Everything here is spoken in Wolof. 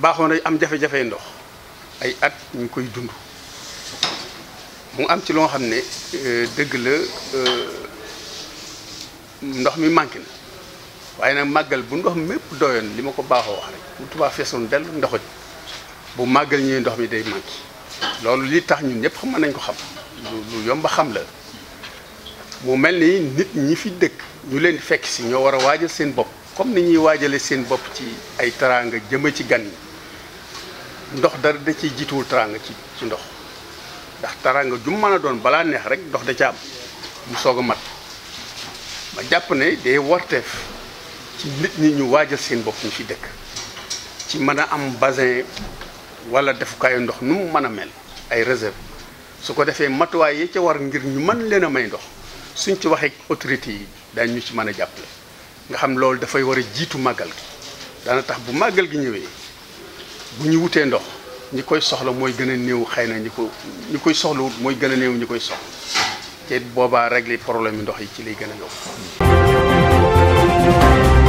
baaxoon nañ am jafe-jafe ndox ay at ñu koy dund mu am ci loo xam ne euh, dëgg la euh, ndox mi manqué na waaye nag màggal bu ndox mépp doyoon li ma ko baaxoo wax rek bu tubaab feesoon dellu ndoxoj bu màggal ñëwee ndox mi day manqué loolu li tax ñu ñëpp xam mën nañ ko xam lu yomb xam la mu mel ni nit ñi fi dëkk ñu leen fekk si ñoo war a waajal seen bopp comme ni ñuy waajale seen bopp ci ay teraanga jëma ci gan yi ndox dara da ci jiituwul taraanga ci ci ndox ndax taraanga ju mën a doon balaa neex rek ndox da ca am mu soog a mat ma jàpp ne day warteef ci nit ñi ñu waajal seen bopp ñu fi dëkk ci mën a am basin wala defukaayu ndox nu mu mën a mel ay réserve su ko defee matuwaay yi ca war ngir ñu mën leen a may ndox suñ ci waxee autorité yi daañu ñu ci mën a jàppale nga xam loolu dafay war a jiitu màggal gi dana tax bu màggal gi ñëwee bu ñu wutee ndox ñi koy soxla mooy gën a néew xëy na ñi ko ñi koy soxla wut mooy gën a néew ñi koy soxla te boobaa régler problème yi ndox yi ci lay gën a yomb